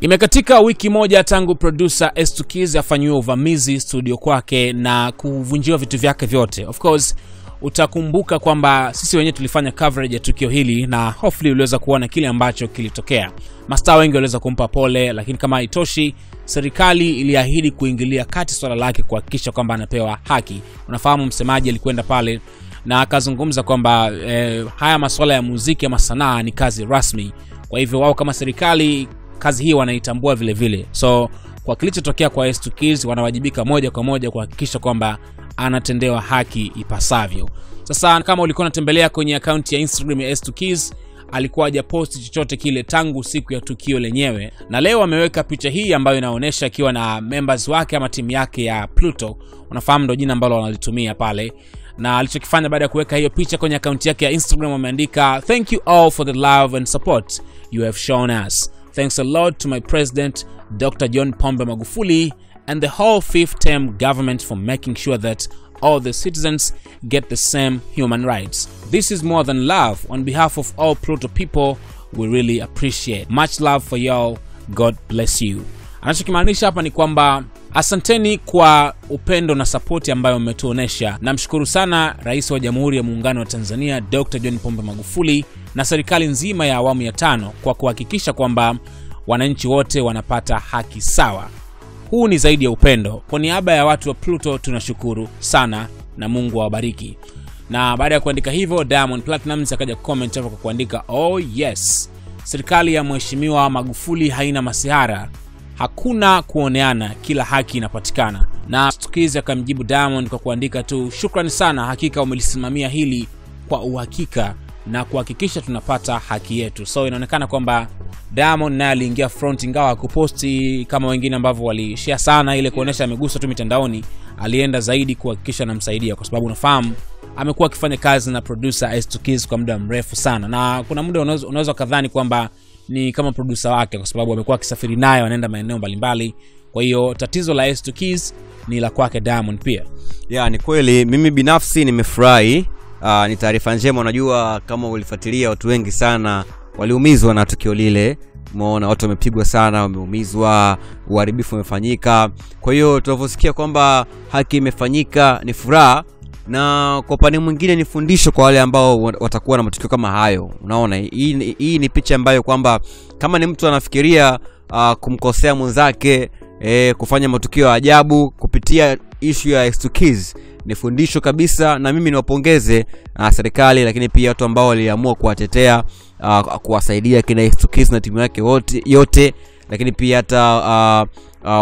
Imekatika wiki moja tangu producer Estukiz afanyiwe uvamizi studio kwake na kuvunjiwa vitu vyake vyote. Of course utakumbuka kwamba sisi wenyewe tulifanya coverage ya tukio hili na hopefully uliweza kuona kile ambacho kilitokea. Mastaa wengi waliweza kumpa pole, lakini kama haitoshi, serikali iliahidi kuingilia kati swala lake kuhakikisha kwamba anapewa haki. Unafahamu, msemaji alikwenda pale na akazungumza kwamba eh, haya masuala ya muziki ama sanaa ni kazi rasmi, kwa hivyo wao kama serikali kazi hii wanaitambua vile vile. So kwa kilichotokea kwa s Kids wanawajibika moja kwa moja kuhakikisha kwamba anatendewa haki ipasavyo. Sasa kama ulikuwa unatembelea kwenye akaunti ya Instagram ya s Kids alikuwa hajaposti chochote kile tangu siku ya tukio lenyewe, na leo ameweka picha hii ambayo inaonyesha akiwa na members wake ama timu yake ya Pluto, unafahamu ndo jina ambalo wanalitumia pale na alichokifanya baada ya kuweka hiyo picha kwenye akaunti yake ya Instagram ameandika thank you all for the love and support you have shown us Thanks a lot to my president, Dr. John Pombe Magufuli, and the whole fifth term government for making sure that all the citizens get the same human rights. This is more than love. On behalf of all Pluto people, we really appreciate. Much love for y'all. God bless you. Anachokimaanisha hapa ni kwamba asanteni kwa upendo na sapoti ambayo mmetuonesha. Namshukuru sana Rais wa Jamhuri ya Muungano wa Tanzania Dr. John Pombe Magufuli na serikali nzima ya awamu ya tano kwa kuhakikisha kwamba wananchi wote wanapata haki sawa. Huu ni zaidi ya upendo. Kwa niaba ya watu wa Pluto tunashukuru sana na Mungu awabariki. Na baada ya kuandika hivyo, Diamond Platnumz akaja comment hapo kwa kuandika oh yes, serikali ya mheshimiwa Magufuli haina masihara, hakuna kuoneana, kila haki inapatikana. Na Stukizi akamjibu Diamond kwa kuandika tu, shukrani sana, hakika umelisimamia hili kwa uhakika na kuhakikisha tunapata haki yetu so inaonekana kwamba Diamond naye aliingia front ingawa akuposti kama wengine ambavyo walishia sana ile kuonyesha amegusa tu mitandaoni alienda zaidi kuhakikisha anamsaidia kwa sababu unafahamu amekuwa akifanya kazi na producer s kwa muda mrefu sana na kuna muda unaweza kadhani kwamba ni kama produsa wake kwa sababu amekuwa akisafiri naye wanaenda maeneo mbalimbali kwa hiyo tatizo la S2Kiz ni la kwake Diamond pia ya ni kweli mimi binafsi nimefurahi Aa, ah, ni taarifa njema unajua kama ulifuatilia watu wengi sana waliumizwa na tukio lile umeona watu wamepigwa sana wameumizwa uharibifu umefanyika kwa hiyo tunavyosikia kwamba haki imefanyika ni furaha na kwa upande mwingine ni fundisho kwa wale ambao watakuwa na matukio kama hayo unaona hii, hii ni picha ambayo kwamba kama ni mtu anafikiria uh, kumkosea mwenzake eh, kufanya matukio ya ajabu kupitia ishu ya ni fundisho kabisa, na mimi niwapongeze uh, serikali, lakini pia watu ambao waliamua kuwatetea uh, kuwasaidia kina Stukiz na timu yake wote yote, lakini pia hata uh,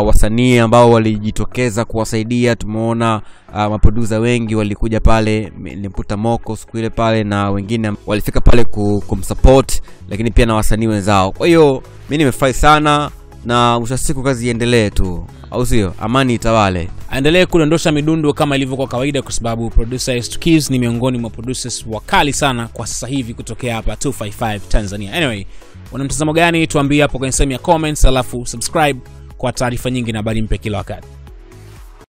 uh, wasanii ambao walijitokeza kuwasaidia. Tumeona uh, maprodusa wengi walikuja pale, nimputa Moko siku ile pale na wengine walifika pale kumsupport, lakini pia na wasanii wenzao. Kwa hiyo mi nimefurahi sana, na mwisho siku kazi iendelee tu au sio? Amani itawale. Aendelee kudondosha midundo kama ilivyo kwa kawaida, kwa sababu producer ni miongoni mwa producers wakali sana kwa sasa hivi kutokea hapa 255 Tanzania. Anyway, una mtazamo gani? Tuambie hapo kwenye sehemu ya comments, alafu subscribe kwa taarifa nyingi na habari mpya kila wakati.